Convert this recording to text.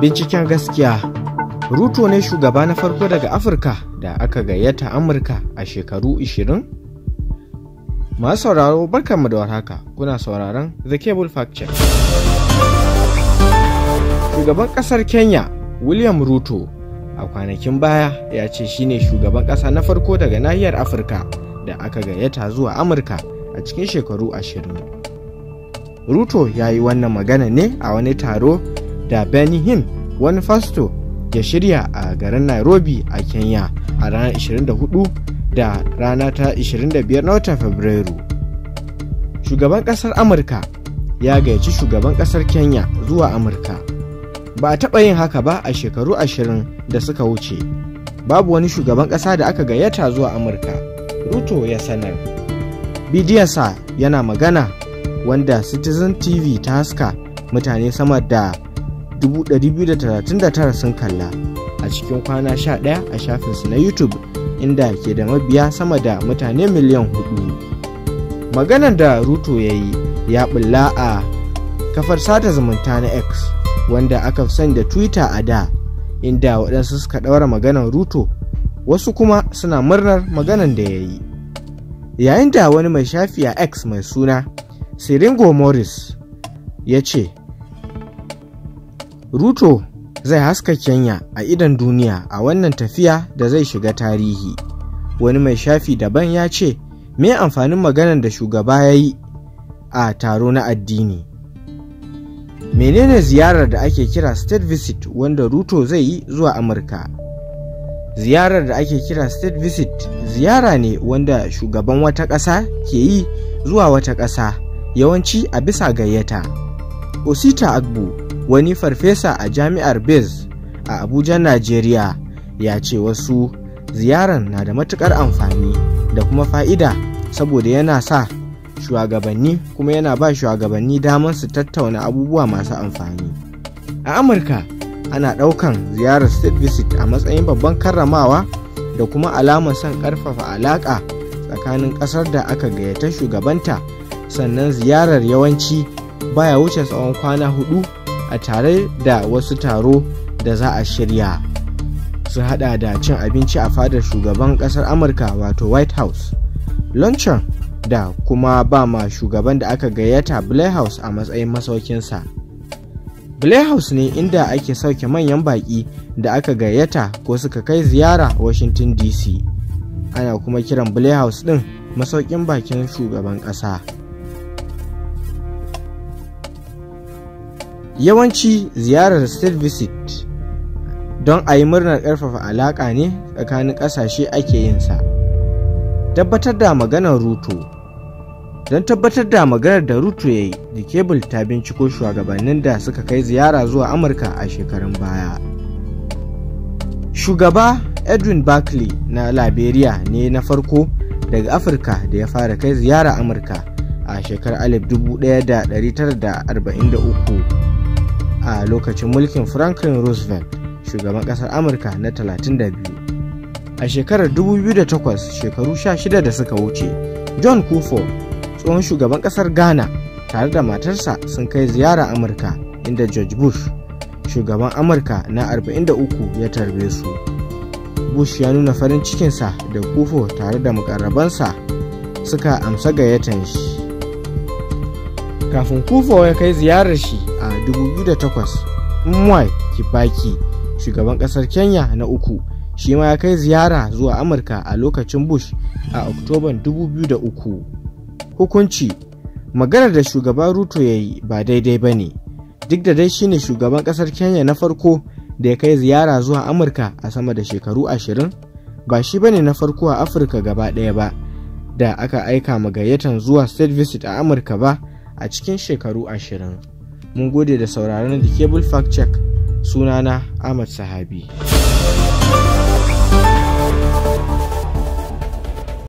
binciken gaskiya ruto ne shugaba na farko daga afirka da aka gayyata amurka a shekaru 20 masu sauraro barkanmu da warhaka kuna sauraron the cable fact shugaban kasar kenya william ruto a kwanakin baya ya ce shine shugaban kasa na farko daga nahiyar afirka da aka gayyata zuwa amurka a cikin shekaru 20 ruto ya yi wannan magana ne a wani taro da benny hinn wani fasto ya shirya a garin nairobi a kenya a ranar 24 da rana ta 25 na watan fabrairu shugaban ƙasar amurka ya gayyaci shugaban ƙasar kenya zuwa amurka ba a taɓa yin haka ba a shekaru ashirin da suka wuce babu wani shugaban ƙasa da aka gayyata zuwa amurka ruto ya sanar bidiyarsa yana magana wanda citizen tv ta haska mutane sama da 239 sun kalla a cikin kwana 11 a shafinsu na YouTube inda ke da mabiya sama da mutane miliyan hudu. Maganar da Ruto ya yi ya bulla a kafar sata zumunta na X wanda aka fi sani da Twitter a da inda waɗansu suka ɗaura maganar Ruto wasu kuma suna murnar maganar da ya yi. Yayin da wani mai shafi a X mai suna Siringo Morris ya ce ruto zai haska kenya a idan duniya a wannan tafiya da zai shiga tarihi wani mai shafi daban ya ce me amfanin maganar da shugaba ya yi a taro na addini menene ziyarar da ake kira state visit wanda ruto zai yi zuwa amurka ziyarar da ake kira state visit ziyara ne wanda shugaban wata ƙasa ke yi zuwa wata ƙasa yawanci a bisa gayyata osita agbo wani farfesa a jami'ar bez a abuja najeriya ya ce wasu ziyaran na da matukar amfani da kuma fa'ida saboda yana sa shugabanni kuma yana ba shugabanni damar su tattauna abubuwa masu amfani a amurka ana ɗaukan ziyarar state visit a matsayin babban karramawa da kuma alamar son ƙarfafa alaƙa tsakanin ƙasar da aka gayyata shugabanta sannan ziyarar yawanci baya wuce tsawon kwana hudu a tare da wasu taro da za a shirya sun hada da cin abinci a fadar shugaban kasar amurka wato white house luncheon da kuma ba ma shugaban da aka gayyata blair house a matsayin masaukinsa blair house ne inda ake sauke manyan baki da aka gayyata ko suka kai ziyara washington dc ana kuma kiran blair house din masaukin bakin shugaban ƙasa. yawanci ziyarar state visit don a yi murnar ƙarfafa alaƙa ne tsakanin ƙasashe ake yin sa tabbatar da maganar ruto don tabbatar da maganar da ruto ya yi da kebul ta binciko shugabannin da suka kai ziyara zuwa amurka a shekarun baya shugaba edwin barkley na liberia ne na farko daga afirka da ya fara kai ziyara amurka a shekarar 1943 a lokacin mulkin franklin roosevelt shugaban ƙasar amurka na 32 a shekarar 2008 shekaru 16 da suka wuce john kufo tsohon shugaban ƙasar ghana tare da matarsa sun kai ziyara amurka inda george bush shugaban amurka na 43 ya tarbe su bush ya nuna farin cikinsa da kufo tare da mukarrabansa suka amsa gayyatan shi kafin Kufa ya kai ziyarar shi a 2008 mwai kibaki shugaban kasar kenya na uku shi ma ya kai ziyara zuwa amurka a lokacin bush a oktoban 2003 hukunci maganar da shugaban ruto ya yi ba daidai ba ne duk da dai shine shugaban kasar kenya na farko da ya kai ziyara zuwa amurka a sama da shekaru ashirin ba shi bane na farko a afirka gaba ɗaya ba da aka aika magayyatan zuwa state visit a amurka ba a cikin shekaru ashirin. Mun gode da sauraron da Cable Fact Check sunana Ahmad Sahabi.